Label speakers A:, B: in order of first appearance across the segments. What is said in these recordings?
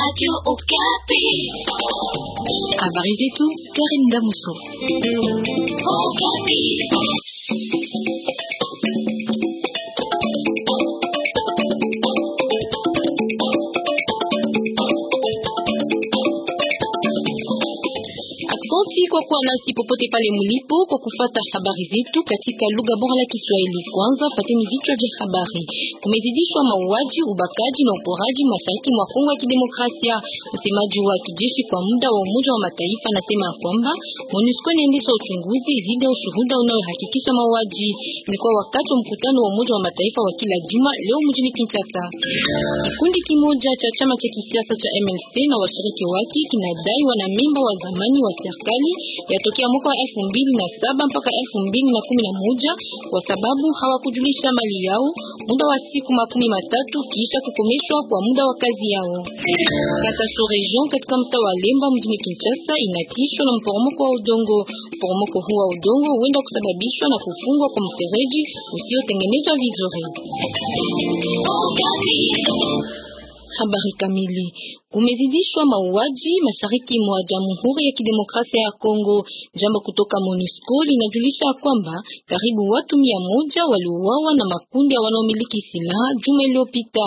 A: Radio Okapi. Habari zetu Karim Damuso. Okapi. kwa kuwa nasi popote pale mulipo kwa kufata habari zetu katika lugha bora la Kiswahili. Kwanza pateni vichwa vya habari. Kumezidishwa mauaji, ubakaji na uporaji mashariki mwa Kongo ya Kidemokrasia. Msemaji wa kijeshi kwa muda wa Umoja wa Mataifa anasema kwamba MONUSCO inaendesha uchunguzi dhidi ya ushuhuda unaohakikisha mauaji. Ilikuwa wakati wa mkutano wa Umoja wa Mataifa wa kila juma leo mjini Kinshasa. Kikundi kimoja cha chama cha kisiasa cha MNC na washiriki wake kinadai wana memba wa zamani wa serikali yatokea mwaka wa elfu mbili na saba mpaka elfu mbili na kumi na moja kwa sababu hawakujulisha mali yao muda wa siku makumi matatu kisha kukomeshwa kwa muda wa kazi yao. Katasho Region katika mtaa wa Lemba mjini Kinshasa inatishwa na mporomoko wa udongo. Mporomoko huu wa udongo huenda kusababishwa na kufungwa kwa mfereji usiotengenezwa vizuri. Habari kamili. Kumezidishwa mauaji mashariki mwa Jamhuri ya Kidemokrasia ya Kongo. Jambo kutoka MONUSCO linajulisha kwamba karibu watu mia moja waliuawa na makundi ya wanaomiliki silaha juma iliyopita.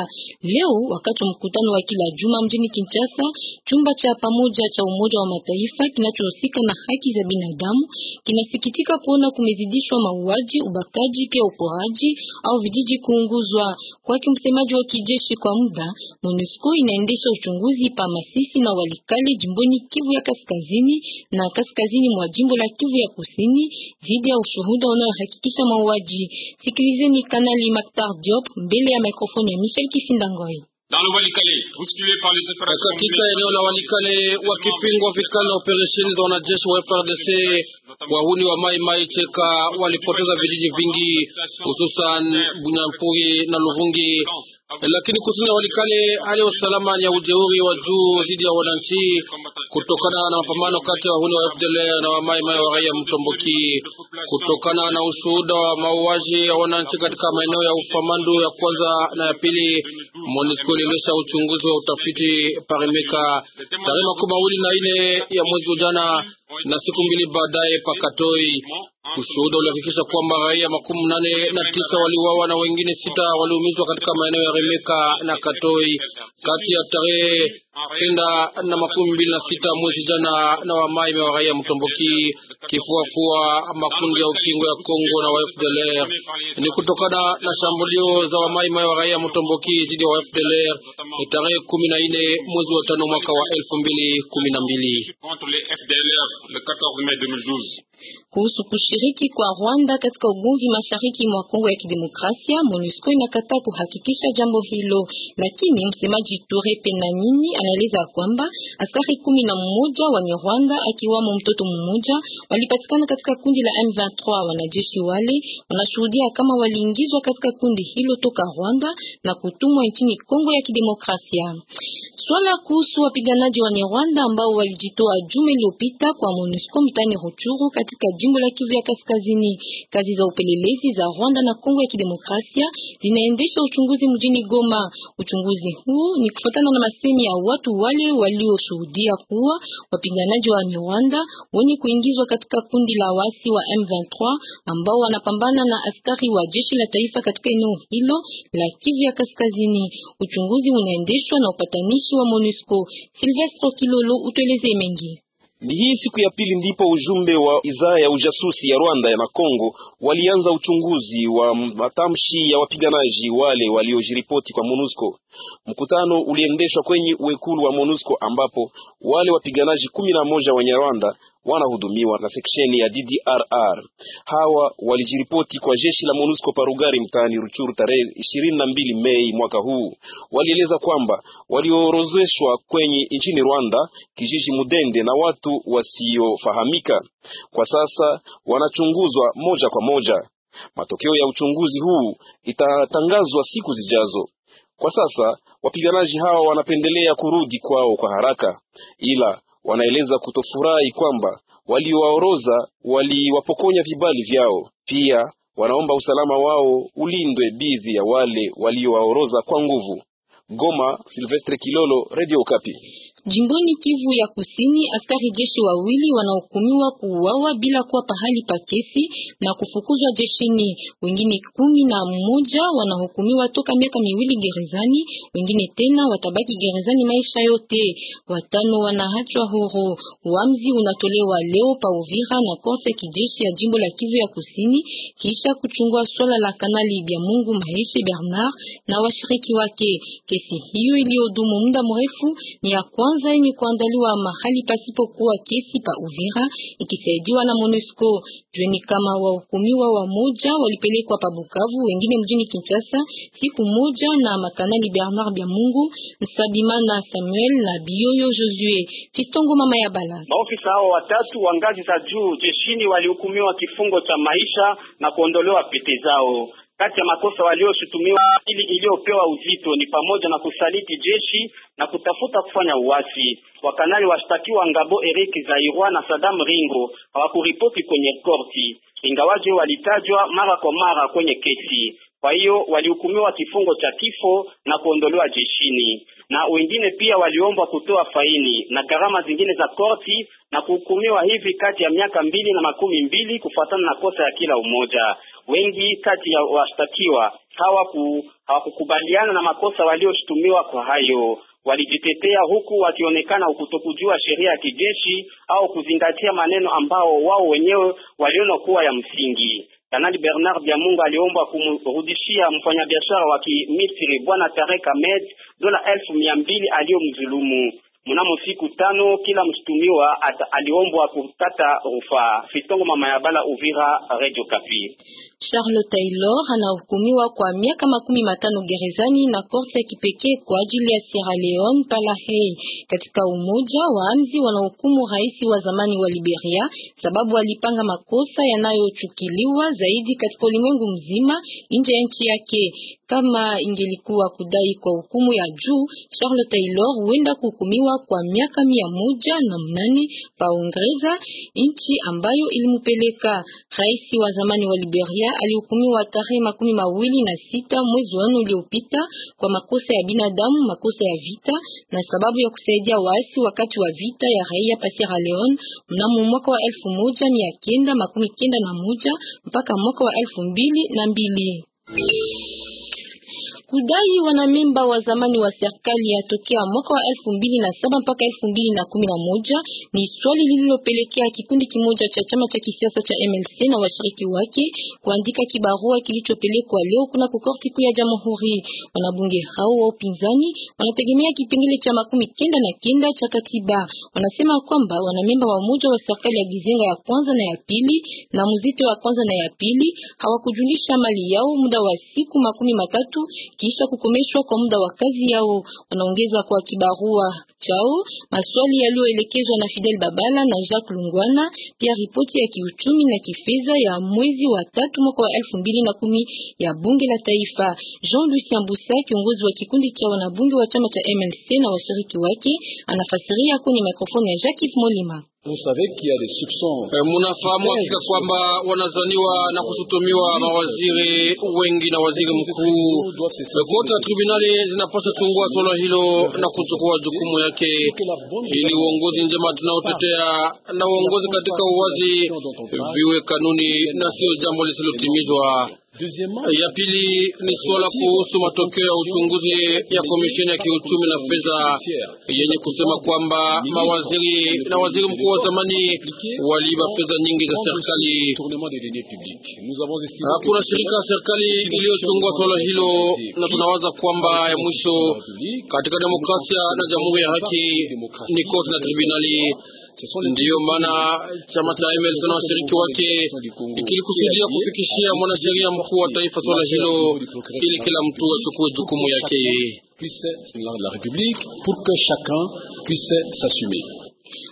A: Leo wakati wa mkutano wa kila juma mjini Kinshasa, chumba cha pamoja cha Umoja wa Mataifa kinachohusika na haki za binadamu kinasikitika kuona kumezidishwa mauaji, ubakaji, pia uporaji au vijiji kuunguzwa. Kwa kimsemaji wa kijeshi kwa muda MONUSCO inaendesha uchunguzi pa Masisi na Walikale jimboni Kivu ya Kaskazini na kaskazini mwa jimbo la Kivu ya Kusini dhidi ya ushuhuda unaohakikisha mauaji. Sikilizeni Kanali Maktar Diop mbele ya mikrofoni ya Michel Kifindangoi.
B: Katika eneo la Walikale wakipingwa vikali na operesheni za wanajeshi wa FRDC, wahuni wa Mai Mai Cheka walipoteza vijiji vingi hususan Bunyampuri na Luvungi lakini kutumia walikale hali ya usalama ni ya ujeuri wa juu dhidi ya wananchi kutokana na mapambano kati ya wahuni wa FDLR na wamaimai wa raia Mtomboki, kutokana na ushuhuda wa mauaji ya wananchi katika maeneo ya ufamandu ya kwanza na ya pili. MONUSCO iliendesha uchunguzi wa utafiti Parimeka tarehe makumi mawili na nne ya mwezi ujana na siku mbili baadaye pakatoi ushuhuda ulihakikisha kwamba raia makumi nane na tisa waliuawa na wengine sita waliumizwa katika maeneo ya Remeka na Katoi kati ya tarehe kenda na makumi mbili na sita mwezi jana na wamai imewaghaia mtomboki kifuafua makundi ya ukingo ya Kongo na WFDLR. Ni kutokana na shambulio za wamai imewaghaia mtomboki dhidi ya WFDLR tarehe kumi na nne mwezi wa tano mwaka wa elfu mbili kumi na mbili
A: kuhusu kushiriki kwa Rwanda katika ugomvi mashariki mwa Kongo ya Kidemokrasia. MONUSCO inakataa kuhakikisha jambo hilo, lakini msemaji Ture Penanini anaeleza kwamba askari kumi na mmoja wa Rwanda akiwamo mtoto mmoja walipatikana katika kundi la M23. Wanajeshi wale wanashuhudia kama waliingizwa katika kundi hilo toka Rwanda na kutumwa nchini Kongo ya Kidemokrasia. Swala kuhusu wapiganaji wa Rwanda ambao walijitoa juma iliyopita kwa MONUSCO mtani Ruchuru katika jimbo la Kivu ya Kaskazini. Kazi za upelelezi za Rwanda na Kongo ya Kidemokrasia zinaendesha uchunguzi mjini Goma. Uchunguzi huu ni kufuatana na masemi ya watu wale walioshuhudia kuwa wapiganaji wa Rwanda wenye kuingizwa katika kundi la wasi wa M23 ambao wanapambana na askari wa jeshi la taifa katika eneo hilo la Kivu ya Kaskazini. Uchunguzi unaendeshwa na upatanishi wa MONUSCO. Silvestro Kilolo utueleze mengi.
C: Ni hii siku ya pili ndipo ujumbe wa idhaa ya ujasusi ya Rwanda na Kongo walianza uchunguzi wa matamshi ya wapiganaji wale waliojiripoti kwa MONUSCO. Mkutano uliendeshwa kwenye uwekulu wa MONUSCO ambapo wale wapiganaji kumi na moja wenye Rwanda wanahudumiwa na seksheni ya DDRR. Hawa walijiripoti kwa jeshi la MONUSCO Parugari mtaani Ruchuru tarehe ishirini na mbili Mei mwaka huu. Walieleza kwamba waliorozeshwa kwenye nchini Rwanda kijiji Mudende na watu wasiofahamika. Kwa sasa wanachunguzwa moja kwa moja. Matokeo ya uchunguzi huu itatangazwa siku zijazo. Kwa sasa wapiganaji hawa wanapendelea kurudi kwao kwa haraka, ila wanaeleza kutofurahi kwamba waliowaoroza waliwapokonya vibali vyao. Pia wanaomba usalama wao ulindwe dhidi ya wale waliowaoroza kwa nguvu. Goma, Silvestre Kilolo, Radio Okapi.
A: Jimboni Kivu ya Kusini, askari jeshi wawili wanahukumiwa kuuawa bila kuwa pahali pa kesi na kufukuzwa jeshini. Wengine kumi na mmoja wanahukumiwa toka miaka miwili gerezani, wengine tena watabaki gerezani maisha yote, watano wanaachwa huru. Uamuzi unatolewa leo pa Uvira na korte ya kijeshi ya jimbo la Kivu ya Kusini kisha kuchungua swala la Kanali mungu Maeshe Bernard na washiriki wake. Kesi hiyo iliyodumu muda mrefu ni ya kwa kwanza yenye kuandaliwa mahali pasipokuwa kesi pa Uvira ikisaidiwa na Monusco. Jueni kama wahukumiwa wa moja walipelekwa pa Bukavu, wengine mjini Kinshasa siku moja na makanali Bernard Byamungu, na Samuel na Bioyo Josue Fistongo mama ya bala.
D: Maofisa hao watatu wa ngazi za juu jeshini walihukumiwa kifungo cha maisha na kuondolewa pete zao. Kati ya makosa walioshutumiwa ili iliyopewa uzito ni pamoja na kusaliti jeshi na kutafuta kufanya uasi. Wakanali washtakiwa Ngabo Eric Zairwa na Sadam Ringo hawakuripoti kwenye korti, ingawaje walitajwa mara kwa mara kwenye kesi. Kwa hiyo walihukumiwa kifungo cha kifo na kuondolewa jeshini na wengine pia waliomba kutoa faini na gharama zingine za korti na kuhukumiwa hivi kati ya miaka mbili na makumi mbili kufuatana na kosa ya kila umoja. Wengi kati ya washtakiwa hawakukubaliana na makosa walioshutumiwa kwa hayo walijitetea huku wakionekana kutokujua sheria ya kijeshi au kuzingatia maneno ambao wao wenyewe waliona kuwa ya msingi. Kanali Bernard Biamunga aliomba kumrudishia mfanyabiashara wa Kimisri Bwana Tarek Ahmed dola elfu mia mbili aliyomdhulumu. Mnamo siku tano kila mshtumiwa aliombwa kukata rufaa. Fitongo mama ya bala Uvira, Radio Kapi.
A: Charles Taylor anahukumiwa kwa miaka makumi matano gerezani na korte ya kipekee kwa ajili ya Sierra Leone pala hei. Katika umoja wa amzi wanahukumu rais wa zamani wa Liberia sababu alipanga makosa yanayochukiliwa zaidi katika ulimwengu mzima nje ya nchi yake. Kama ingelikuwa kudai kwa hukumu ya juu, Charles Taylor huenda kuhukumiwa kuwa kwa miaka mia moja na mnane pa Uingereza, nchi ambayo ilimupeleka. Rais wa zamani wa Liberia alihukumiwa tarehe makumi mawili na sita mwezi wa nne uliopita kwa makosa ya binadamu, makosa ya vita na sababu ya kusaidia waasi wakati wa vita ya raia pa Sierra Leone mnamo mwaka wa elfu moja mia kenda makumi kenda na moja mpaka mwaka wa elfu mbili na mbili kudai wanamemba wa zamani wa serikali ya tokea mwaka wa elfu mbili na saba mpaka elfu mbili na kumi na moja ni swali lililopelekea kikundi kimoja cha chama cha kisiasa cha MLC na washiriki wake kuandika kibarua kilichopelekwa leo kuna korti kuu ya jamhuri. Wanabunge hao wa upinzani wanategemea kipengele cha makumi kenda na kenda cha katiba. Wanasema kwamba wanamemba wa moja wa serikali ya Gizenga ya kwanza na ya pili na Muzito wa kwanza na ya pili hawakujulisha mali yao muda wa siku makumi matatu kisha kukomeshwa kwa muda wa kazi yao. Wanaongeza kwa kibarua chao maswali yaliyoelekezwa na Fidel Babala na Jacques Lungwana, pia ripoti ya kiuchumi na kifedha ya mwezi wa tatu mwaka wa elfu mbili na kumi ya bunge la taifa. Jean Lucien Busa, kiongozi wa kikundi cha wanabunge wa chama cha MLC na washiriki wake, anafasiria kwenye mikrofoni ya Jacques Molima.
B: Eh, munafahamu hakika kwamba wanazaniwa na kushutumiwa mawaziri wengi na waziri mkuu. Kota tribunali zinapaswa chungua swala hilo na kuchukua jukumu yake, ili uongozi njema tunaotetea na uongozi katika uwazi viwe kanuni na sio jambo lisilotimizwa. Ya pili ni suala kuhusu matokeo ya uchunguzi ya komisheni ya kiuchumi na fedha yenye kusema kwamba mawaziri na waziri mkuu wa zamani waliiba fedha nyingi za serikali. Hakuna shirika ya serikali iliyochungua suala hilo, na tunawaza kwamba ya mwisho katika demokrasia na jamhuri ya haki ni koti na tribunali Ndiyo maana chama cha MLC na washiriki wake kilikusudia kufikishia mwanasheria mkuu wa taifa swala hilo ili kila mtu achukue jukumu yake la pour que chacun puisse s'assumer.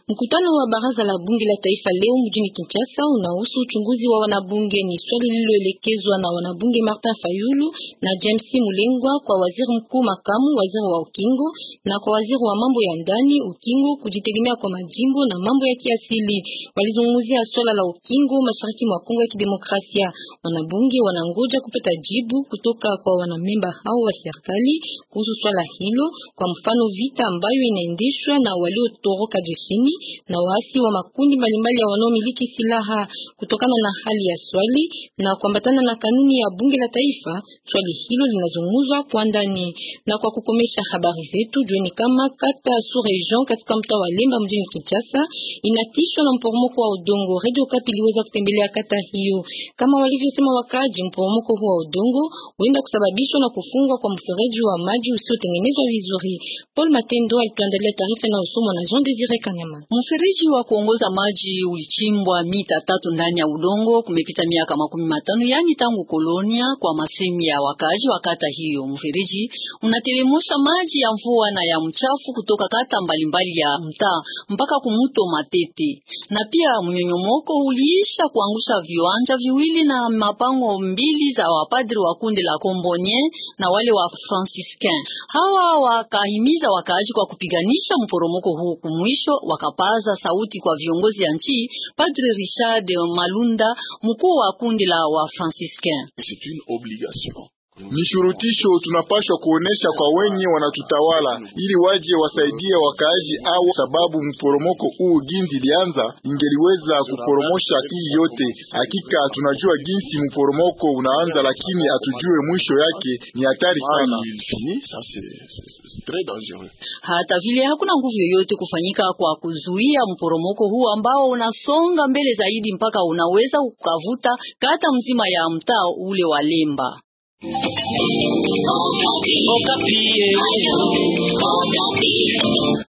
A: Mkutano wa baraza la bunge la taifa leo mjini Kinshasa unahusu uchunguzi wa wanabunge. Ni swali lililoelekezwa na wanabunge Martin Fayulu na James Mulengwa kwa waziri mkuu makamu, waziri wa ukingo na kwa waziri wa mambo ya ndani, ukingo, kujitegemea kwa majimbo na mambo ya kiasili. Walizungumzia swala la ukingo mashariki mwa Kongo ya Kidemokrasia. Wanabunge wanangoja kupata jibu kutoka kwa wanamemba hao wa serikali kuhusu swala hilo, kwa mfano vita ambayo inaendeshwa na waliotoroka jeshini Ituri na waasi wa makundi mbalimbali ya wanaomiliki silaha kutokana na hali ya swali na kuambatana na kanuni ya bunge la taifa. Swali hilo linazunguzwa kwa ndani na kwa kukomesha habari zetu jueni kama kata Surejon katika mtaa wa Lemba mjini Kinshasa inatishwa na mporomoko wa udongo. Radio Kapi iliweza kutembelea kata hiyo, kama walivyosema wakaaji, mporomoko huo wa udongo huenda kusababishwa na kufungwa kwa mfereji wa maji usiotengenezwa vizuri. Paul Matendo alituandalia taarifa na usomo na Jean Desire Kanyama. Mfereji wa kuongoza maji ulichimbwa mita tatu ndani ya udongo kumepita miaka makumi matano, yaani tangu kolonia, kwa masemi ya wakaji wa kata hiyo. Mfereji unatelemusha maji ya mvua na ya mchafu kutoka kata mbalimbali ya mtaa mpaka kumuto Matete, na pia mnyonyomoko uliisha kuangusha viwanja viwili na mapango mbili za wapadri wa kundi la Kombonye na wale wa Franciscan. Hawa wakahimiza wakaji kwa kupiganisha mporomoko huu kumwisho waka wapaza sauti kwa viongozi ya nchi, Padre Richard Malunda, mkuu wa kundi la Wafranciscain.
C: Ni shurutisho tunapashwa kuonesha kwa wenye wanatutawala, ili waje wasaidie wakaaji au, sababu mporomoko huu ginzi ilianza ingeliweza kuporomosha hii yote. Hakika tunajua ginsi mporomoko unaanza, lakini hatujue mwisho yake. Ni hatari sana.
A: Hata vile hakuna nguvu yoyote kufanyika kwa kuzuia mporomoko huu ambao unasonga mbele zaidi mpaka unaweza kukavuta kata mzima ya mtaa ule wa Lemba.
C: okapi.